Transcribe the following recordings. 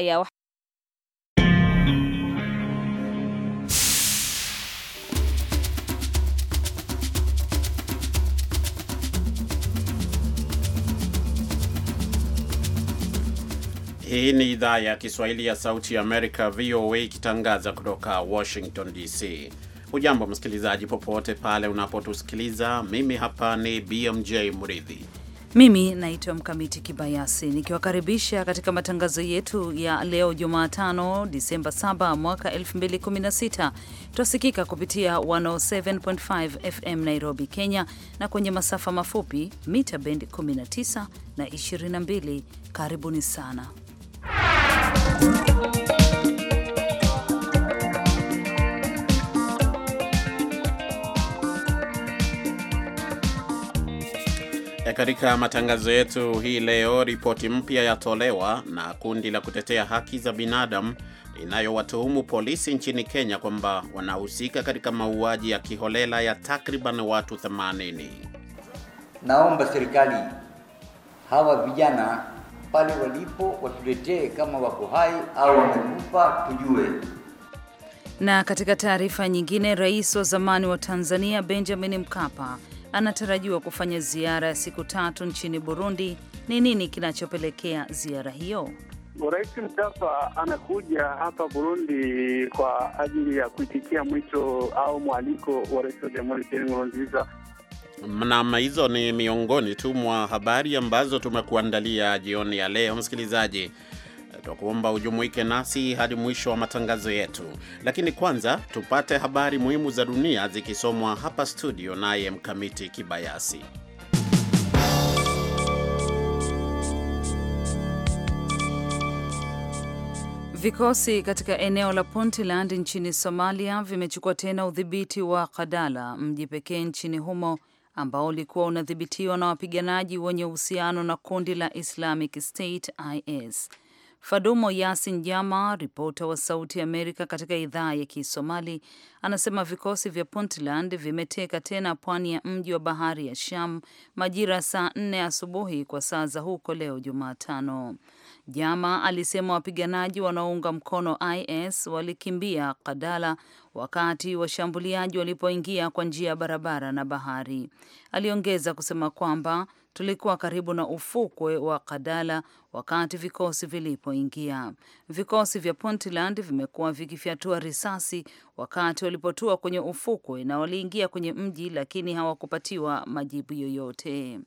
Hii ni idhaa ya Kiswahili ya Sauti Amerika, VOA, ikitangaza kutoka Washington DC. Hujambo msikilizaji, popote pale unapotusikiliza. Mimi hapa ni BMJ Mridhi mimi naitwa Mkamiti Kibayasi nikiwakaribisha katika matangazo yetu ya leo Jumatano, Disemba 7 mwaka 2016. Twasikika kupitia 107.5 FM Nairobi, Kenya, na kwenye masafa mafupi mita bendi 19 na 22. Karibuni sana E, katika matangazo yetu hii leo, ripoti mpya yatolewa na kundi la kutetea haki za binadamu inayowatuhumu polisi nchini Kenya kwamba wanahusika katika mauaji ya kiholela ya takriban watu 80. Naomba serikali hawa vijana pale walipo watuletee kama wako hai au wamekufa tujue. Na katika taarifa nyingine, rais wa zamani wa Tanzania Benjamin Mkapa anatarajiwa kufanya ziara ya siku tatu nchini Burundi. Ni nini kinachopelekea ziara hiyo? Rais mstafa anakuja hapa Burundi kwa ajili ya kuitikia mwito au mwaliko wa rais wa jamhuri Pierre Nkurunziza. Mnama, hizo ni miongoni tu mwa habari ambazo tumekuandalia jioni ya leo, msikilizaji tutakuomba ujumuike nasi hadi mwisho wa matangazo yetu, lakini kwanza tupate habari muhimu za dunia zikisomwa hapa studio naye Mkamiti Kibayasi. Vikosi katika eneo la Puntland nchini Somalia vimechukua tena udhibiti wa Kadala, mji pekee nchini humo ambao ulikuwa unadhibitiwa na wapiganaji wenye uhusiano na kundi la Islamic State IS. Fadumo Yasin Jama, ripota wa Sauti ya Amerika katika idhaa ya Kisomali, anasema vikosi vya Puntland vimeteka tena pwani ya mji wa bahari ya Sham majira saa nne asubuhi kwa saa za huko leo Jumatano. Jama alisema wapiganaji wanaounga mkono IS walikimbia Kadala wakati washambuliaji walipoingia kwa njia ya barabara na bahari. Aliongeza kusema kwamba tulikuwa karibu na ufukwe wa Kadala wakati vikosi vilipoingia. Vikosi vya Puntland vimekuwa vikifyatua risasi wakati walipotua kwenye ufukwe na waliingia kwenye mji, lakini hawakupatiwa majibu yoyote.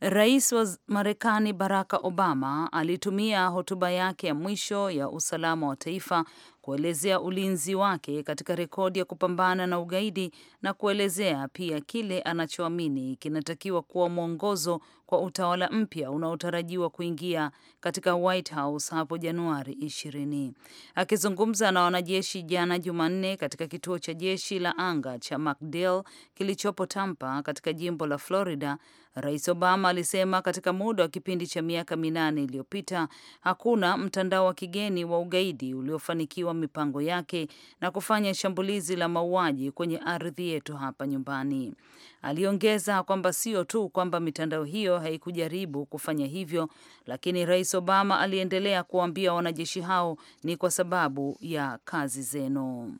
Rais wa Marekani Barack Obama alitumia hotuba yake ya mwisho ya usalama wa taifa kuelezea ulinzi wake katika rekodi ya kupambana na ugaidi na kuelezea pia kile anachoamini kinatakiwa kuwa mwongozo kwa utawala mpya unaotarajiwa kuingia katika White House hapo Januari 20. Akizungumza na wanajeshi jana Jumanne katika kituo cha jeshi la anga cha MacDill kilichopo Tampa katika jimbo la Florida, Rais Obama alisema katika muda wa kipindi cha miaka minane iliyopita hakuna mtandao wa kigeni wa ugaidi uliofanikiwa mipango yake na kufanya shambulizi la mauaji kwenye ardhi yetu hapa nyumbani. Aliongeza kwamba sio tu kwamba mitandao hiyo haikujaribu kufanya hivyo, lakini Rais Obama aliendelea kuwaambia wanajeshi hao, ni kwa sababu ya kazi zenu.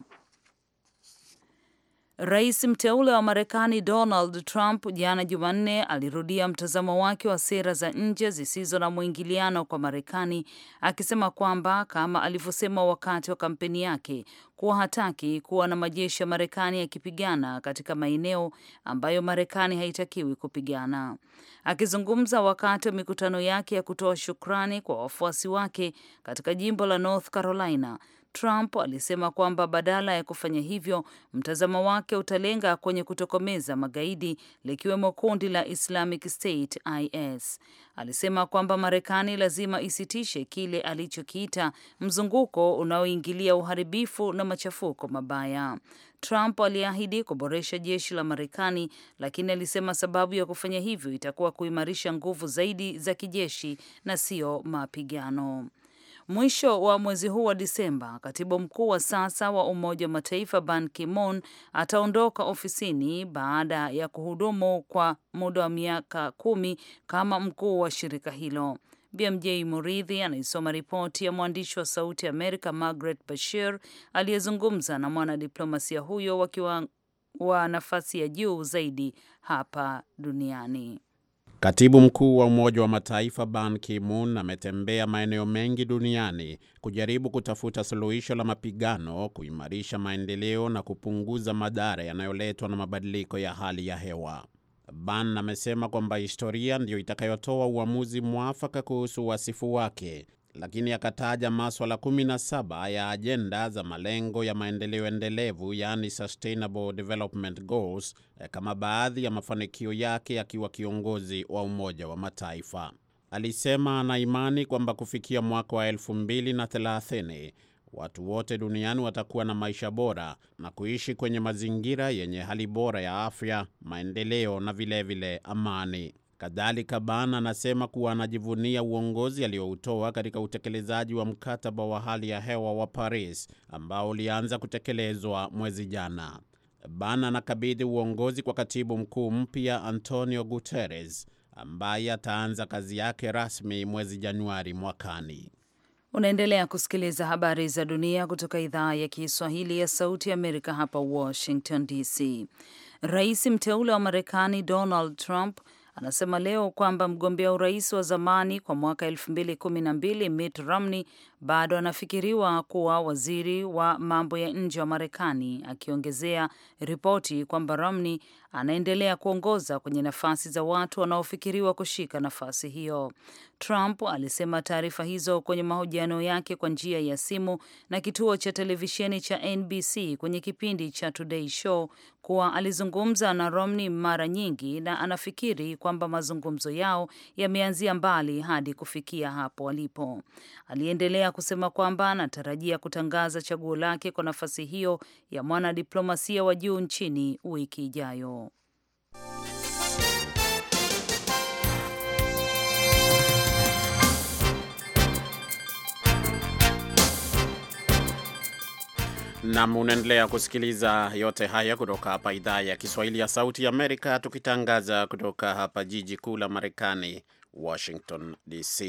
Rais mteule wa Marekani Donald Trump jana Jumanne alirudia mtazamo wake wa sera za nje zisizo na mwingiliano kwa Marekani, akisema kwamba kama alivyosema wakati wa kampeni yake kuwa hataki kuwa na majeshi ya Marekani yakipigana katika maeneo ambayo Marekani haitakiwi kupigana. Akizungumza wakati wa mikutano yake ya kutoa shukrani kwa wafuasi wake katika jimbo la North Carolina, Trump alisema kwamba badala ya kufanya hivyo, mtazamo wake utalenga kwenye kutokomeza magaidi likiwemo kundi la Islamic State IS. Alisema kwamba Marekani lazima isitishe kile alichokiita mzunguko unaoingilia uharibifu na machafuko mabaya. Trump aliahidi kuboresha jeshi la Marekani, lakini alisema sababu ya kufanya hivyo itakuwa kuimarisha nguvu zaidi za kijeshi na sio mapigano. Mwisho wa mwezi huu wa Disemba, katibu mkuu wa sasa wa Umoja wa Mataifa Ban Ki-moon ataondoka ofisini baada ya kuhudumu kwa muda wa miaka kumi kama mkuu wa shirika hilo. BMJ Muridhi anaisoma ripoti ya mwandishi wa Sauti ya Amerika Margaret Bashir aliyezungumza na mwanadiplomasia huyo wakiwa wa nafasi ya juu zaidi hapa duniani. Katibu mkuu wa Umoja wa Mataifa Ban Ki-moon ametembea maeneo mengi duniani kujaribu kutafuta suluhisho la mapigano, kuimarisha maendeleo na kupunguza madhara yanayoletwa na mabadiliko ya hali ya hewa. Ban amesema kwamba historia ndiyo itakayotoa uamuzi mwafaka kuhusu wasifu wake lakini akataja maswala 17 ya ajenda za malengo ya maendeleo endelevu, yani Sustainable Development Goals, eh, kama baadhi ya mafanikio yake akiwa ya kiongozi wa Umoja wa Mataifa. Alisema ana imani kwamba kufikia mwaka wa 230 watu wote duniani watakuwa na maisha bora na kuishi kwenye mazingira yenye hali bora ya afya, maendeleo na vilevile vile amani. Kadhalika, Ban anasema kuwa anajivunia uongozi aliyoutoa katika utekelezaji wa mkataba wa hali ya hewa wa Paris ambao ulianza kutekelezwa mwezi jana. Ban anakabidhi uongozi kwa katibu mkuu mpya Antonio Guterres ambaye ataanza kazi yake rasmi mwezi Januari mwakani. Unaendelea kusikiliza habari za dunia kutoka idhaa ya Kiswahili ya Sauti ya Amerika hapa Washington DC. Rais mteule wa Marekani Donald Trump anasema leo kwamba mgombea urais wa zamani kwa mwaka 2012 Mitt Romney bado anafikiriwa kuwa waziri wa mambo ya nje wa Marekani, akiongezea ripoti kwamba Romney anaendelea kuongoza kwenye nafasi za watu wanaofikiriwa kushika nafasi hiyo. Trump alisema taarifa hizo kwenye mahojiano yake kwa njia ya simu na kituo cha televisheni cha NBC kwenye kipindi cha Today Show kuwa alizungumza na Romney mara nyingi na anafikiri kwa kwamba mazungumzo yao yameanzia mbali hadi kufikia hapo walipo. Aliendelea kusema kwamba anatarajia kutangaza chaguo lake kwa nafasi hiyo ya mwanadiplomasia wa juu nchini wiki ijayo. Nam, unaendelea kusikiliza yote haya kutoka hapa idhaa ya Kiswahili ya Sauti ya Amerika, tukitangaza kutoka hapa jiji kuu la Marekani, Washington DC.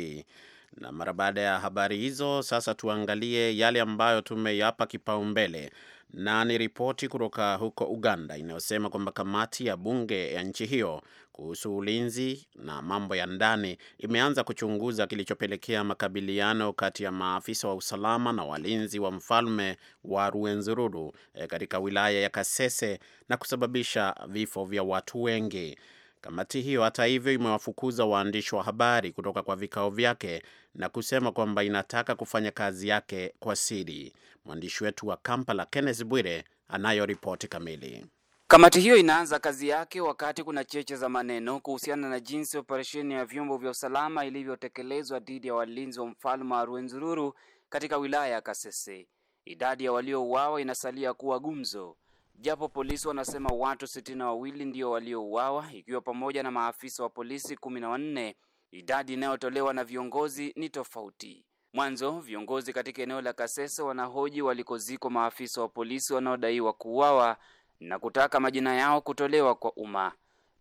Na mara baada ya habari hizo, sasa tuangalie yale ambayo tumeyapa kipaumbele, na ni ripoti kutoka huko Uganda inayosema kwamba kamati ya bunge ya nchi hiyo kuhusu ulinzi na mambo ya ndani imeanza kuchunguza kilichopelekea makabiliano kati ya maafisa wa usalama na walinzi wa mfalme wa ruenzururu eh, katika wilaya ya Kasese na kusababisha vifo vya watu wengi. Kamati hiyo hata hivyo imewafukuza waandishi wa habari kutoka kwa vikao vyake na kusema kwamba inataka kufanya kazi yake kwa siri. Mwandishi wetu wa Kampala, Kenneth Bwire, anayo ripoti kamili. Kamati hiyo inaanza kazi yake wakati kuna cheche za maneno kuhusiana na jinsi operesheni ya vyombo vya usalama ilivyotekelezwa dhidi ya walinzi wa mfalme wa Rwenzururu katika wilaya ya Kasese. Idadi ya waliouawa inasalia kuwa gumzo japo polisi wanasema watu sitini na wawili ndio waliouawa ikiwa pamoja na maafisa wa polisi kumi na wanne. Idadi inayotolewa na viongozi ni tofauti. Mwanzo viongozi katika eneo la Kasese wanahoji walikoziko maafisa wa polisi wanaodaiwa kuuawa na kutaka majina yao kutolewa kwa umma.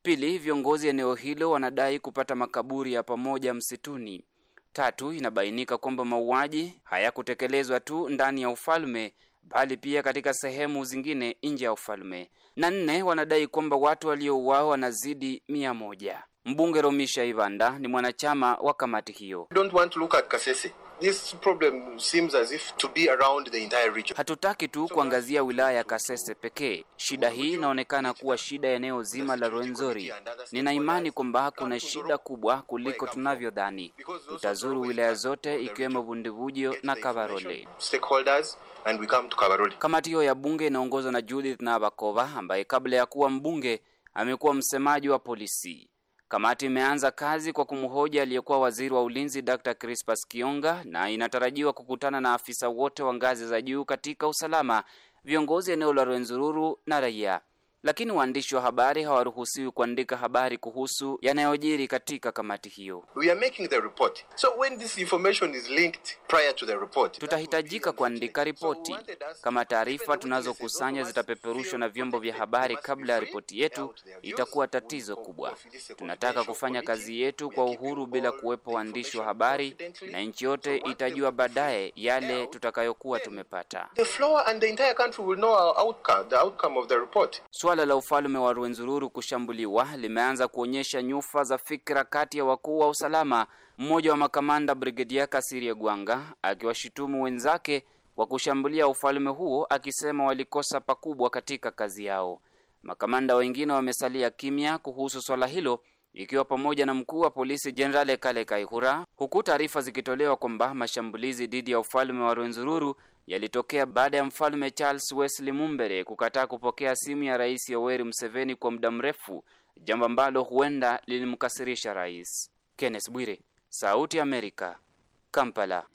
Pili, viongozi eneo hilo wanadai kupata makaburi ya pamoja msituni. Tatu, inabainika kwamba mauaji hayakutekelezwa tu ndani ya ufalme bali pia katika sehemu zingine nje ya ufalme. Na nne, wanadai kwamba watu waliouawa wanazidi mia moja. Mbunge Romisha Ivanda ni mwanachama wa kamati hiyo. Don't want to look at Kasese. This problem seems as if to be around the entire region. Hatutaki tu kuangazia wilaya ya Kasese pekee. Shida hii inaonekana kuwa shida eneo zima la Rwenzori. Nina imani kwamba kuna shida kubwa kuliko tunavyodhani. Tutazuru wilaya zote ikiwemo Bundibugyo na Kabarole. Kamati hiyo ya bunge inaongozwa na Judith Nabakova ambaye kabla ya kuwa mbunge amekuwa msemaji wa polisi. Kamati imeanza kazi kwa kumhoja aliyekuwa waziri wa ulinzi Dr. Crispas Kionga na inatarajiwa kukutana na afisa wote wa ngazi za juu katika usalama, viongozi eneo la Rwenzururu na raia lakini waandishi wa habari hawaruhusiwi kuandika habari kuhusu yanayojiri katika kamati hiyo. tutahitajika kuandika ripoti. Kama taarifa tunazokusanya zitapeperushwa na vyombo vya habari kabla ya ripoti yetu, itakuwa tatizo kubwa. Tunataka kufanya kazi yetu kwa uhuru bila kuwepo waandishi wa habari, na nchi yote itajua baadaye yale tutakayokuwa tumepata. Swala Suala la ufalme wa Rwenzururu kushambuliwa limeanza kuonyesha nyufa za fikra kati ya wakuu wa usalama, mmoja wa makamanda Brigedia Kasirye Gwanga akiwashutumu wenzake kwa kushambulia ufalme huo, akisema walikosa pakubwa katika kazi yao. Makamanda wengine wamesalia kimya kuhusu swala hilo ikiwa pamoja na mkuu wa polisi Jenerali Kale Kaihura, huku taarifa zikitolewa kwamba mashambulizi dhidi ya ufalme wa Rwenzururu yalitokea baada ya mfalme Charles Wesley Mumbere kukataa kupokea simu ya Rais Yoweri Museveni kwa muda mrefu, jambo ambalo huenda lilimkasirisha rais. Kenneth Bwire, Sauti ya Amerika, Kampala.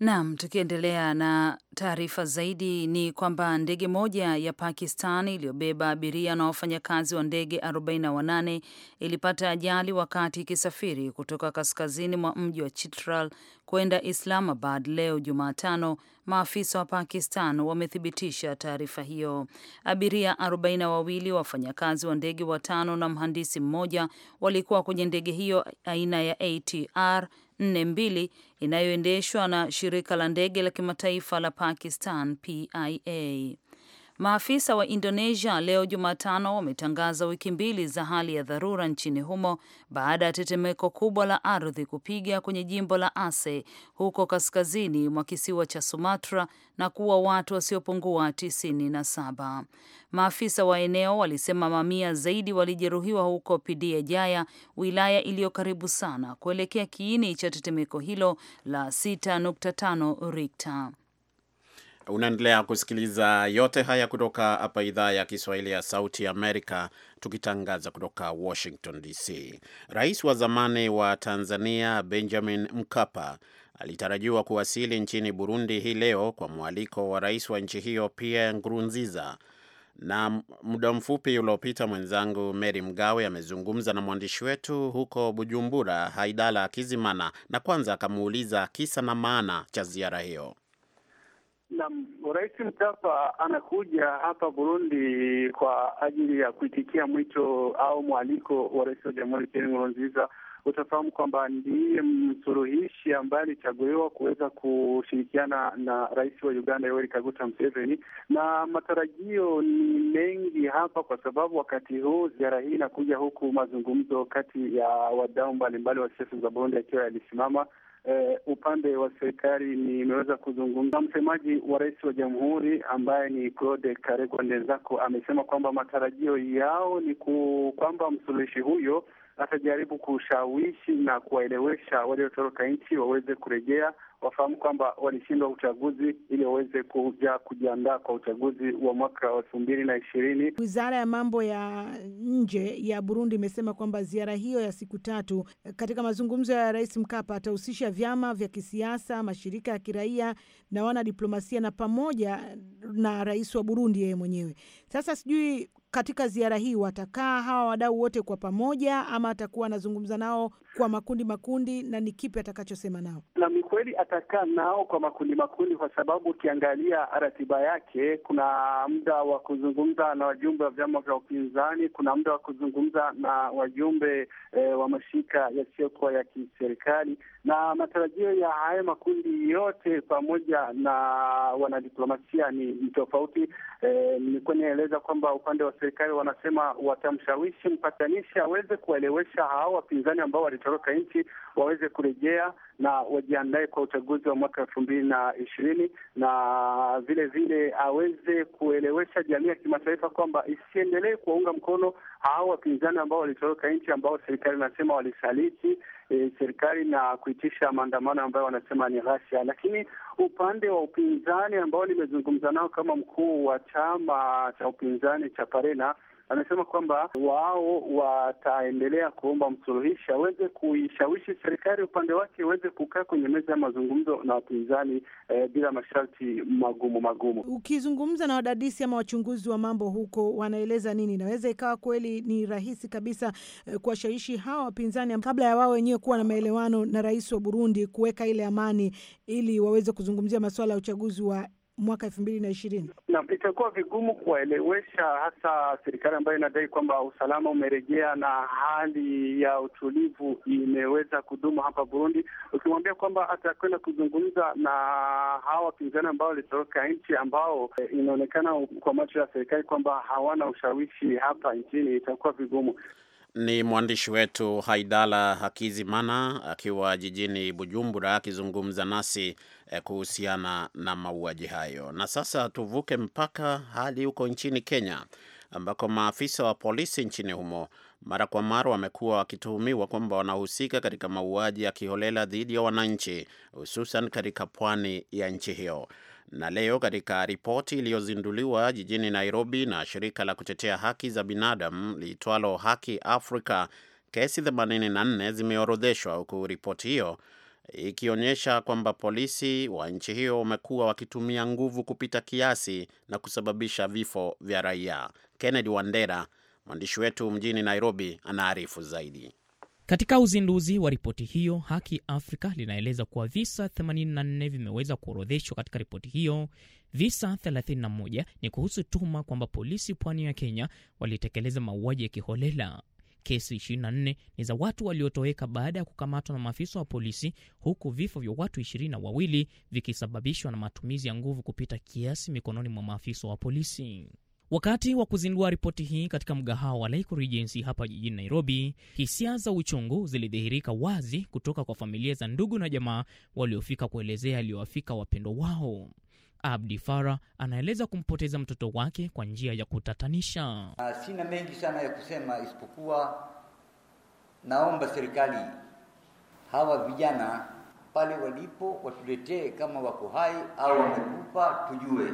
Naam, tukiendelea na taarifa zaidi ni kwamba ndege moja ya Pakistan iliyobeba abiria na wafanyakazi wa ndege 48 ilipata ajali wakati ikisafiri kutoka kaskazini mwa mji wa Chitral kwenda Islamabad leo Jumatano. Maafisa wa Pakistan wamethibitisha taarifa hiyo. Abiria 42 wawili, wafanyakazi wa ndege watano na mhandisi mmoja walikuwa kwenye ndege hiyo aina ya ATR 42 inayoendeshwa na shirika la ndege la kimataifa la Pakistan PIA. Maafisa wa Indonesia leo Jumatano wametangaza wiki mbili za hali ya dharura nchini humo baada ya tetemeko kubwa la ardhi kupiga kwenye jimbo la Aceh huko kaskazini mwa kisiwa cha Sumatra na kuua watu wasiopungua tisini na saba. Maafisa wa eneo walisema mamia zaidi walijeruhiwa huko Pidia Jaya, wilaya iliyo karibu sana kuelekea kiini cha tetemeko hilo la 6.5 Richter. Unaendelea kusikiliza yote haya kutoka hapa idhaa ya Kiswahili ya Sauti ya Amerika, tukitangaza kutoka Washington DC. Rais wa zamani wa Tanzania Benjamin Mkapa alitarajiwa kuwasili nchini Burundi hii leo kwa mwaliko wa rais wa nchi hiyo Pierre Nkurunziza, na muda mfupi uliopita mwenzangu Mary Mgawe amezungumza na mwandishi wetu huko Bujumbura, Haidala Kizimana, na kwanza akamuuliza kisa na maana cha ziara hiyo. Naam, Rais Mkapa anakuja hapa Burundi kwa ajili ya kuitikia mwito au mwaliko wa Rais wa Jamhuri Pierre Nkurunziza. Utafahamu kwamba ndiye msuluhishi ambaye alichaguliwa kuweza kushirikiana na rais wa Uganda Yoweri Kaguta Museveni, na matarajio ni mengi hapa, kwa sababu wakati huu ziara hii inakuja huku mazungumzo kati ya wadau mbalimbali wa siasa za Burundi yakiwa yalisimama eh, upande wa serikali nimeweza kuzungumza. Msemaji wa rais wa jamhuri ambaye ni Claude Karegwa Ndenzako amesema kwamba matarajio yao ni kwamba msuluhishi huyo atajaribu kushawishi na kuwaelewesha waliotoroka nchi waweze kurejea, wafahamu kwamba walishindwa uchaguzi ili waweze kuja kujiandaa kwa uchaguzi wa mwaka wa elfu mbili na ishirini. Wizara ya mambo ya nje ya Burundi imesema kwamba ziara hiyo ya siku tatu katika mazungumzo ya Rais Mkapa atahusisha vyama vya kisiasa, mashirika ya kiraia na wanadiplomasia na pamoja na rais wa Burundi yeye mwenyewe. Sasa sijui katika ziara hii watakaa hawa wadau wote kwa pamoja, ama atakuwa anazungumza nao kwa makundi makundi, na ni kipi atakachosema nao? Na ni kweli atakaa nao kwa makundi makundi, kwa sababu ukiangalia ratiba yake kuna muda wa kuzungumza na wajumbe wa vyama vya upinzani, kuna muda wa kuzungumza na wajumbe eh, wa mashirika yasiyokuwa ya kiserikali, na matarajio ya haya makundi yote pamoja na wanadiplomasia ni tofauti. Eh, nilikuwa eh, nieleza kwamba upande wa serikali wanasema watamshawishi mpatanishi aweze kuwaelewesha hao wapinzani ambao wali watoroka nchi waweze kurejea na wajiandae kwa uchaguzi wa mwaka elfu mbili na ishirini na vile vile aweze kuelewesha jamii ya kimataifa kwamba isiendelee kuwaunga mkono hao wapinzani ambao walitoroka nchi, ambao serikali inasema walisaliti e, serikali na kuitisha maandamano ambayo wanasema ni ghasia. Lakini upande wa upinzani ambao nimezungumza nao kama mkuu wa chama cha upinzani cha Parena amesema kwamba wao wataendelea kuomba msuluhishi aweze kuishawishi serikali upande wake iweze kukaa kwenye meza ya mazungumzo na wapinzani eh, bila masharti magumu magumu. Ukizungumza na wadadisi ama wachunguzi wa mambo huko, wanaeleza nini? Inaweza ikawa kweli ni rahisi kabisa eh, kuwashawishi hawa wapinzani kabla ya wao wenyewe kuwa na maelewano na rais wa Burundi kuweka ile amani ili waweze kuzungumzia masuala ya uchaguzi wa mwaka elfu mbili na ishirini. Naam, itakuwa vigumu kuwaelewesha hasa serikali ambayo inadai kwamba usalama umerejea na hali ya utulivu imeweza kudumu hapa Burundi, ukimwambia kwamba atakwenda kuzungumza na hawa wapinzani ambao walitoroka nchi ambao eh, inaonekana kwa macho ya serikali kwamba hawana ushawishi hapa nchini, itakuwa vigumu. Ni mwandishi wetu Haidala Hakizimana akiwa jijini Bujumbura akizungumza nasi eh, kuhusiana na mauaji hayo. Na sasa tuvuke mpaka hadi huko nchini Kenya ambako maafisa wa polisi nchini humo mara kwa mara wamekuwa wakituhumiwa kwamba wanahusika katika mauaji ya kiholela dhidi ya wananchi hususan katika pwani ya nchi hiyo. Na leo katika ripoti iliyozinduliwa jijini Nairobi na shirika la kutetea haki za binadamu liitwalo Haki Afrika, kesi 84 zimeorodheshwa, huku ripoti hiyo ikionyesha kwamba polisi wa nchi hiyo wamekuwa wakitumia nguvu kupita kiasi na kusababisha vifo vya raia. Kennedy Wandera, mwandishi wetu mjini Nairobi, anaarifu zaidi. Katika uzinduzi wa ripoti hiyo, Haki Afrika linaeleza kuwa visa 84 vimeweza kuorodheshwa katika ripoti hiyo. Visa 31 ni kuhusu tuhuma kwamba polisi pwani ya Kenya walitekeleza mauaji ya kiholela. Kesi 24 ni za watu waliotoweka baada ya kukamatwa na maafisa wa polisi, huku vifo vya watu ishirini na wawili vikisababishwa na matumizi ya nguvu kupita kiasi mikononi mwa maafisa wa polisi. Wakati wa kuzindua ripoti hii katika mgahawa wa Laico Regency hapa jijini Nairobi, hisia za uchungu zilidhihirika wazi kutoka kwa familia za ndugu na jamaa waliofika kuelezea aliyowafika wapendwa wao. Abdi Fara anaeleza kumpoteza mtoto wake kwa njia ya kutatanisha. Ah, sina mengi sana ya kusema isipokuwa naomba serikali, hawa vijana pale walipo watuletee, kama wako hai au wamekufa, tujue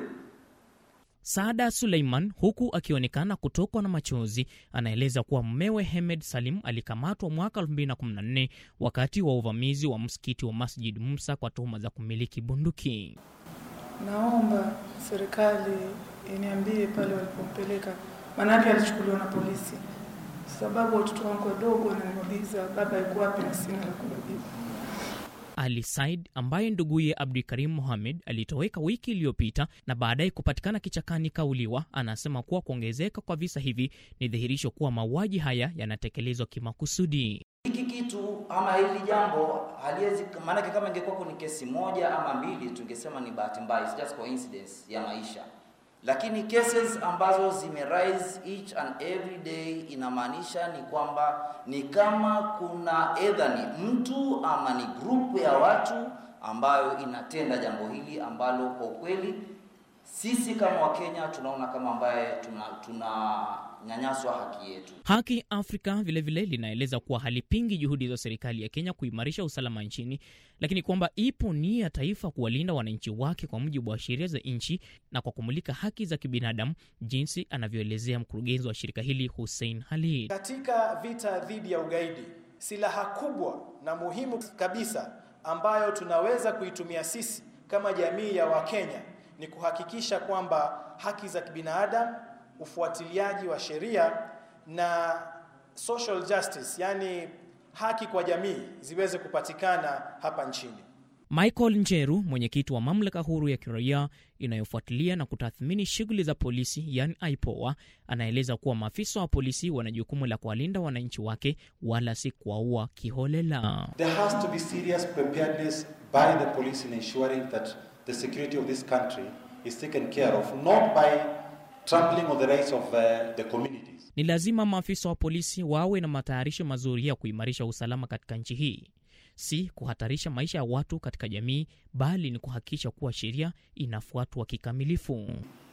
Saada Suleiman, huku akionekana kutokwa na machozi, anaeleza kuwa mmewe Hemed Salim alikamatwa mwaka 2014 wakati wa uvamizi wa msikiti wa Masjid Musa kwa tuhuma za kumiliki bunduki. Naomba serikali iniambie pale walipompeleka, maanake alichukuliwa na polisi, sababu watoto wangu wadogo wananiuliza baba yuko wapi, na sina la kuwajibu. Ali Said ambaye nduguye Karim Mohamed alitoweka wiki iliyopita na baadaye kupatikana kichakani kauliwa, anasema kuwa kuongezeka kwa visa hivi ni dhihirisho kuwa mauaji haya yanatekelezwa kimakusudi. Hiki kitu ama hili jambo haliwezi, maanake kama ingekuwa ni kesi moja ama mbili, tungesema ni bahati mbaya, just coincidence ya maisha lakini cases ambazo zime rise each and every day inamaanisha ni kwamba ni kama kuna edha ni mtu ama ni grupu ya watu ambayo inatenda jambo hili ambalo kwa kweli sisi kama Wakenya tunaona kama ambaye tunanyanyaswa tuna haki yetu. Haki Afrika vilevile linaeleza kuwa halipingi juhudi za serikali ya Kenya kuimarisha usalama nchini, lakini kwamba ipo nia ya taifa kuwalinda wananchi wake kwa mujibu wa sheria za nchi na kwa kumulika haki za kibinadamu, jinsi anavyoelezea mkurugenzi wa shirika hili Hussein Halid. Katika vita dhidi ya ugaidi, silaha kubwa na muhimu kabisa ambayo tunaweza kuitumia sisi kama jamii ya Wakenya ni kuhakikisha kwamba haki za kibinadamu, ufuatiliaji wa sheria na social justice, yani haki kwa jamii ziweze kupatikana hapa nchini. Michael Njeru, mwenyekiti wa mamlaka huru ya kiraia inayofuatilia na kutathmini shughuli za polisi, yani IPOA, anaeleza kuwa maafisa wa polisi wana jukumu la kuwalinda wananchi wake, wala si kuwaua kiholela. There has to be serious preparedness by the police in ensuring that the security of this country is taken care of not by trampling on the rights of uh, the communities. Ni lazima maafisa wa polisi wawe na matayarisho mazuri ya kuimarisha usalama katika nchi hii, si kuhatarisha maisha ya watu katika jamii, bali ni kuhakikisha kuwa sheria inafuatwa kikamilifu.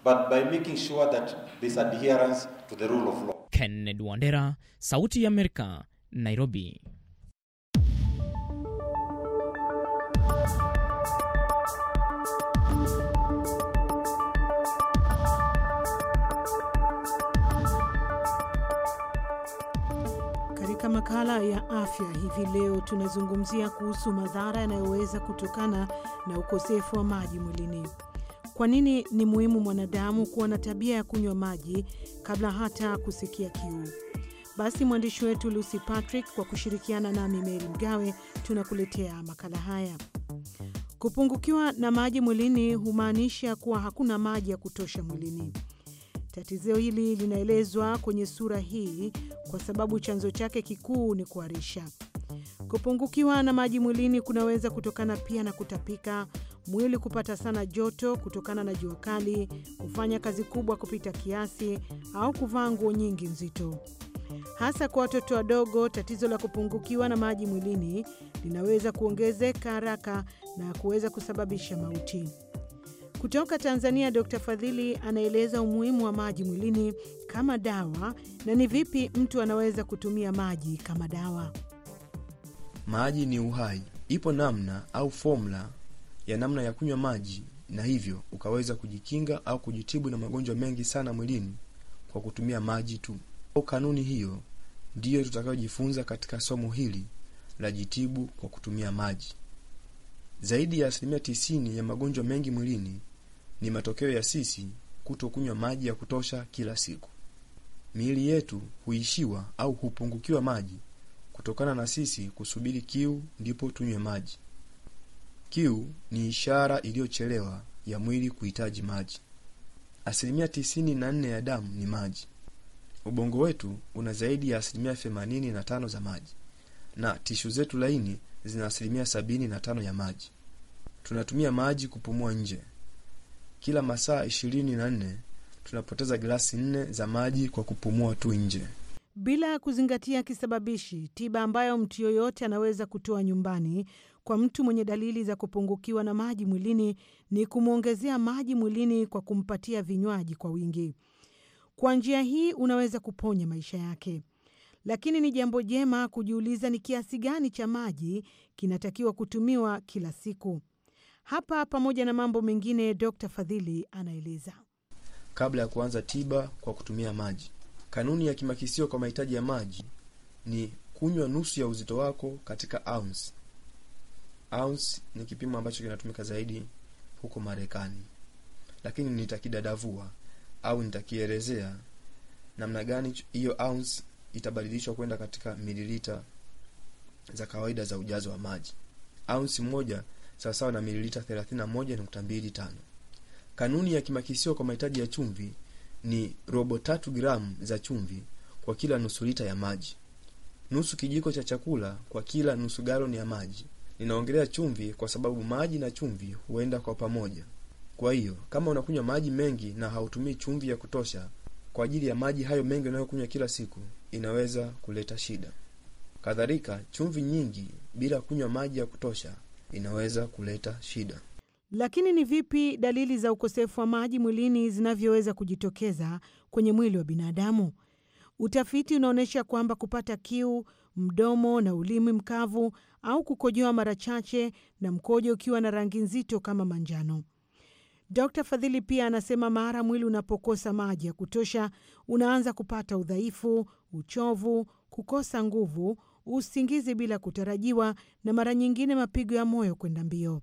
But by making sure that this adherence to the rule of law. Kennedy Wandera, Sauti ya Amerika, Nairobi. makala ya afya hivi leo tunazungumzia kuhusu madhara yanayoweza kutokana na ukosefu wa maji mwilini. Kwa nini ni muhimu mwanadamu kuwa na tabia ya kunywa maji kabla hata kusikia kiu? Basi mwandishi wetu Lucy Patrick kwa kushirikiana nami Meri Mgawe tunakuletea makala haya. Kupungukiwa na maji mwilini humaanisha kuwa hakuna maji ya kutosha mwilini. Tatizo hili linaelezwa kwenye sura hii kwa sababu chanzo chake kikuu ni kuharisha. Kupungukiwa na maji mwilini kunaweza kutokana pia na kutapika, mwili kupata sana joto kutokana na jua kali, kufanya kazi kubwa kupita kiasi, au kuvaa nguo nyingi nzito. Hasa kwa watoto wadogo, tatizo la kupungukiwa na maji mwilini linaweza kuongezeka haraka na kuweza kusababisha mauti. Kutoka Tanzania, Dr. Fadhili anaeleza umuhimu wa maji mwilini kama dawa na ni vipi mtu anaweza kutumia maji kama dawa. Maji ni uhai. Ipo namna au fomula ya namna ya kunywa maji na hivyo ukaweza kujikinga au kujitibu na magonjwa mengi sana mwilini kwa kutumia maji tu. O, kanuni hiyo ndiyo tutakayojifunza katika somo hili la jitibu kwa kutumia maji. Zaidi ya asilimia tisini ya magonjwa mengi mwilini ni matokeo ya sisi kutokunywa maji ya kutosha kila siku. Miili yetu huishiwa au hupungukiwa maji kutokana na sisi kusubiri kiu ndipo tunywe maji. Kiu ni ishara iliyochelewa ya mwili kuhitaji maji. Asilimia tisini na nne ya damu ni maji. Ubongo wetu una zaidi ya asilimia themanini na tano za maji na tishu zetu laini zina asilimia sabini na tano ya maji. Tunatumia maji kupumua nje. Kila masaa ishirini na nne tunapoteza glasi nne za maji kwa kupumua tu nje, bila kuzingatia kisababishi, tiba ambayo mtu yoyote anaweza kutoa nyumbani kwa mtu mwenye dalili za kupungukiwa na maji mwilini ni kumwongezea maji mwilini kwa kumpatia vinywaji kwa wingi. Kwa njia hii unaweza kuponya maisha yake lakini ni jambo jema kujiuliza ni kiasi gani cha maji kinatakiwa kutumiwa kila siku. Hapa pamoja na mambo mengine, Dr. Fadhili anaeleza. Kabla ya kuanza tiba kwa kutumia maji, kanuni ya kimakisio kwa mahitaji ya maji ni kunywa nusu ya uzito wako katika ounce. Ounce ni kipimo ambacho kinatumika zaidi huko Marekani, lakini nitakidadavua au nitakielezea namna gani hiyo ounce itabadilishwa kwenda katika mililita za kawaida za ujazo wa maji. Aunsi moja sawasawa na mililita 31.25. Kanuni ya kimakisio kwa mahitaji ya chumvi ni robo tatu gramu za chumvi kwa kila nusu lita ya maji. Nusu kijiko cha chakula kwa kila nusu galoni ya maji. Ninaongelea chumvi kwa sababu maji na chumvi huenda kwa pamoja. Kwa hiyo kama unakunywa maji mengi na hautumii chumvi ya kutosha, kwa ajili ya maji hayo mengi unayokunywa kila siku inaweza kuleta shida. Kadhalika, chumvi nyingi bila kunywa maji ya kutosha inaweza kuleta shida. Lakini ni vipi dalili za ukosefu wa maji mwilini zinavyoweza kujitokeza kwenye mwili wa binadamu? Utafiti unaonyesha kwamba kupata kiu, mdomo na ulimi mkavu au kukojoa mara chache na mkojo ukiwa na rangi nzito kama manjano Dr Fadhili pia anasema mara mwili unapokosa maji ya kutosha, unaanza kupata udhaifu, uchovu, kukosa nguvu, usingizi bila kutarajiwa, na mara nyingine mapigo ya moyo kwenda mbio.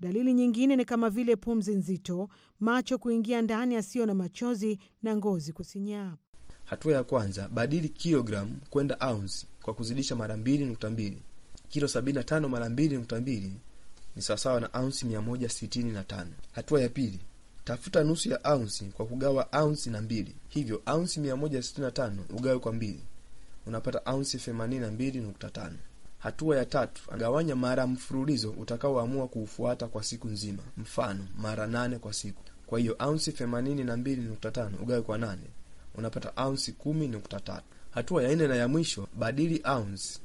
Dalili nyingine ni kama vile pumzi nzito, macho kuingia ndani yasiyo na machozi na ngozi kusinyaa. Hatua ya kwanza, badili kilogramu kwenda aunsi kwa kuzidisha mara mbili nukta mbili kilo sabini na tano mara mbili nukta mbili ni sawasawa na aunsi mia moja sitini na tano. Hatua ya pili, tafuta nusu ya aunsi kwa kugawa aunsi na mbili. Hivyo aunsi mia moja sitini na tano ugawe kwa mbili, unapata aunsi themanini na mbili nukta tano. Hatua ya tatu, agawanya mara mfululizo utakaoamua kuufuata kwa siku nzima, mfano mara nane kwa siku. Kwa hiyo aunsi themanini na mbili nukta tano ugawe kwa nane, unapata aunsi kumi nukta tatu. Hatua ya nne na ya mwisho, badili aunsi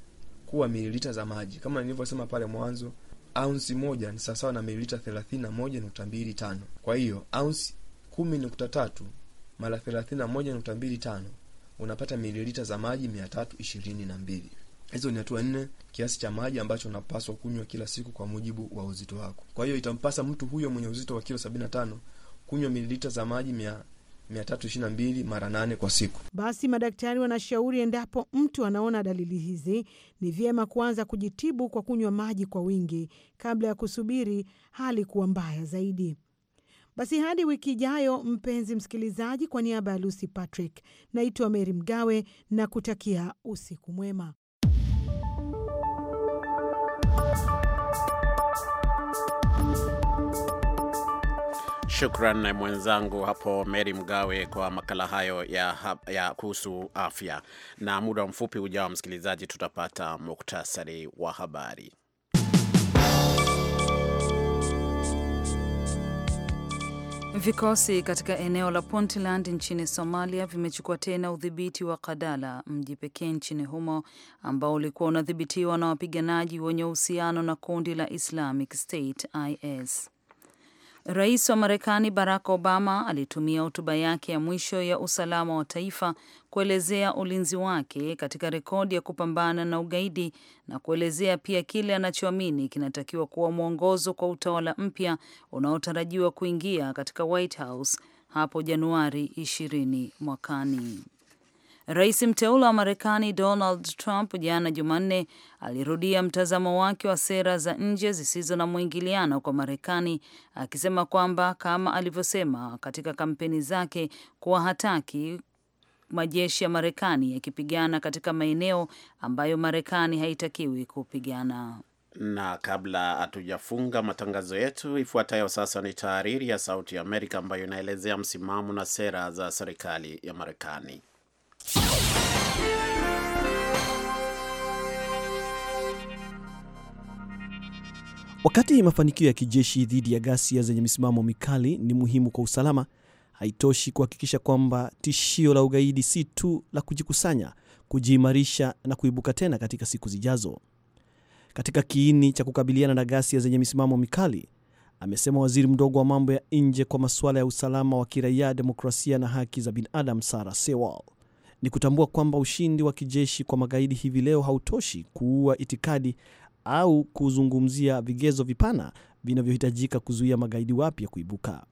kuwa mililita za maji kama nilivyosema pale mwanzo aunsi moja ni sawasawa na mililita 31.25. Kwa hiyo aunsi 10.3 mara 31.25 unapata mililita za maji 322. ishirini na mbili. Hizo ni hatua nne, kiasi cha maji ambacho unapaswa kunywa kila siku kwa mujibu wa uzito wako. Kwa hiyo itampasa mtu huyo mwenye uzito wa kilo 75 kunywa mililita za maji 322 mara kwa siku. Basi madaktari wanashauri endapo mtu anaona dalili hizi, ni vyema kuanza kujitibu kwa kunywa maji kwa wingi kabla ya kusubiri hali kuwa mbaya zaidi. Basi hadi wiki ijayo, mpenzi msikilizaji, kwa niaba ya Lucy Patrick, naitwa Meri Mgawe na kutakia usiku mwema. Shukran mwenzangu hapo Mary Mgawe kwa makala hayo ya, ya kuhusu afya. Na muda mfupi ujao, msikilizaji, tutapata muktasari wa habari. Vikosi katika eneo la Puntland nchini Somalia vimechukua tena udhibiti wa Kadala, mji pekee nchini humo ambao ulikuwa unadhibitiwa na wapiganaji wenye uhusiano na kundi la Islamic State IS. Rais wa Marekani Barack Obama alitumia hotuba yake ya mwisho ya usalama wa taifa kuelezea ulinzi wake katika rekodi ya kupambana na ugaidi na kuelezea pia kile anachoamini kinatakiwa kuwa mwongozo kwa utawala mpya unaotarajiwa kuingia katika White House hapo Januari 20 mwakani. Rais mteule wa Marekani Donald Trump jana Jumanne alirudia mtazamo wake wa sera za nje zisizo na mwingiliano kwa Marekani, akisema kwamba kama alivyosema katika kampeni zake kuwa hataki majeshi ya Marekani yakipigana katika maeneo ambayo Marekani haitakiwi kupigana. Na kabla hatujafunga matangazo yetu, ifuatayo sasa ni tahariri ya Sauti ya Amerika ambayo inaelezea msimamo na sera za serikali ya Marekani. Wakati mafanikio ya kijeshi dhidi ya ghasia zenye misimamo mikali ni muhimu kwa usalama, haitoshi kuhakikisha kwamba tishio la ugaidi si tu la kujikusanya, kujiimarisha na kuibuka tena katika siku zijazo. Katika kiini cha kukabiliana na ghasia zenye misimamo mikali, amesema waziri mdogo wa mambo ya nje kwa masuala ya usalama wa kiraia, demokrasia na haki za binadamu, Sara Sewal ni kutambua kwamba ushindi wa kijeshi kwa magaidi hivi leo hautoshi kuua itikadi au kuzungumzia vigezo vipana vinavyohitajika kuzuia magaidi wapya kuibuka.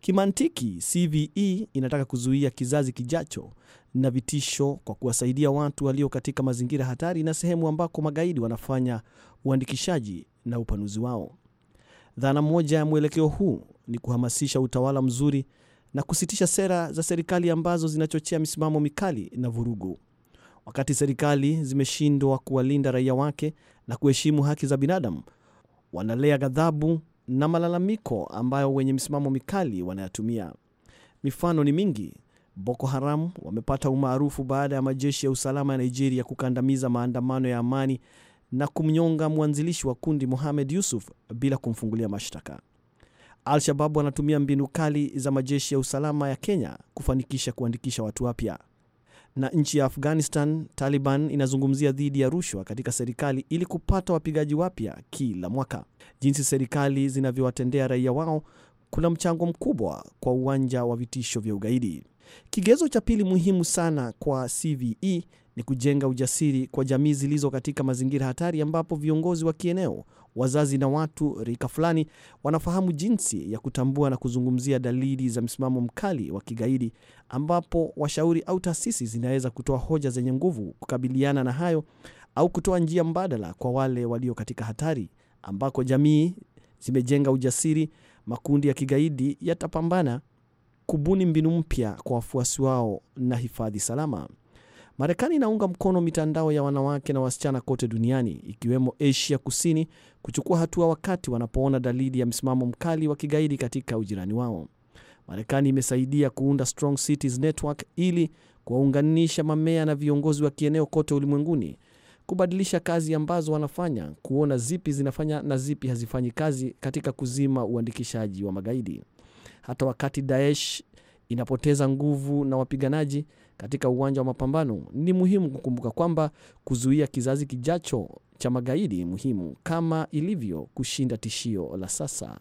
Kimantiki, CVE inataka kuzuia kizazi kijacho na vitisho kwa kuwasaidia watu walio katika mazingira hatari na sehemu ambako magaidi wanafanya uandikishaji na upanuzi wao. Dhana moja ya mwelekeo huu ni kuhamasisha utawala mzuri na kusitisha sera za serikali ambazo zinachochea misimamo mikali na vurugu. Wakati serikali zimeshindwa kuwalinda raia wake na kuheshimu haki za binadamu, wanalea ghadhabu na malalamiko ambayo wenye misimamo mikali wanayatumia. Mifano ni mingi. Boko Haram wamepata umaarufu baada ya majeshi ya usalama ya Nigeria kukandamiza maandamano ya amani na kumnyonga mwanzilishi wa kundi Mohamed Yusuf bila kumfungulia mashtaka. Al-Shababu wanatumia mbinu kali za majeshi ya usalama ya Kenya kufanikisha kuandikisha watu wapya. Na nchi ya Afghanistan, Taliban inazungumzia dhidi ya rushwa katika serikali ili kupata wapigaji wapya kila mwaka. Jinsi serikali zinavyowatendea raia wao kuna mchango mkubwa kwa uwanja wa vitisho vya ugaidi. Kigezo cha pili muhimu sana kwa CVE ni kujenga ujasiri kwa jamii zilizo katika mazingira hatari, ambapo viongozi wa kieneo wazazi na watu rika fulani wanafahamu jinsi ya kutambua na kuzungumzia dalili za msimamo mkali wa kigaidi, ambapo washauri au taasisi zinaweza kutoa hoja zenye nguvu kukabiliana na hayo au kutoa njia mbadala kwa wale walio katika hatari, ambako jamii zimejenga ujasiri, makundi ya kigaidi yatapambana kubuni mbinu mpya kwa wafuasi wao na hifadhi salama. Marekani inaunga mkono mitandao ya wanawake na wasichana kote duniani ikiwemo Asia Kusini kuchukua hatua wakati wanapoona dalili ya msimamo mkali wa kigaidi katika ujirani wao. Marekani imesaidia kuunda Strong Cities Network ili kuwaunganisha mamea na viongozi wa kieneo kote ulimwenguni, kubadilisha kazi ambazo wanafanya, kuona zipi zinafanya na zipi hazifanyi kazi katika kuzima uandikishaji wa magaidi. Hata wakati Daesh inapoteza nguvu na wapiganaji, katika uwanja wa mapambano, ni muhimu kukumbuka kwamba kuzuia kizazi kijacho cha magaidi muhimu kama ilivyo kushinda tishio la sasa.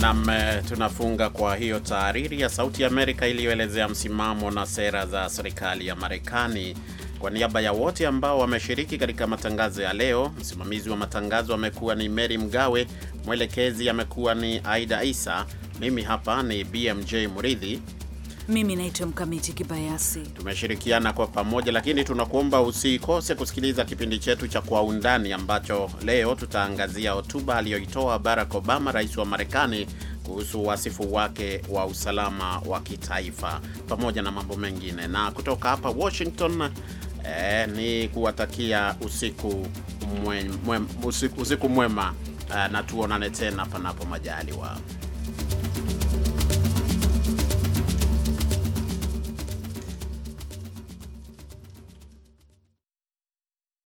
Nam, eh, tunafunga kwa hiyo taariri ya Sauti Amerika iliyoelezea msimamo na sera za serikali ya Marekani. Kwa niaba ya wote ambao wameshiriki katika matangazo ya leo, msimamizi wa matangazo amekuwa ni Mary Mgawe, Mwelekezi amekuwa ni Aida Isa. Mimi hapa ni BMJ Muridhi. Mimi naitwa Mkamiti Kibayasi. Tumeshirikiana kwa pamoja, lakini tunakuomba usikose kusikiliza kipindi chetu cha Kwa Undani ambacho leo tutaangazia hotuba aliyoitoa Barack Obama, rais wa Marekani, kuhusu wasifu wake wa usalama wa kitaifa pamoja na mambo mengine. Na kutoka hapa Washington eh, ni kuwatakia usiku, usiku, usiku mwema. Eh, na tuonane tena panapo majaliwa.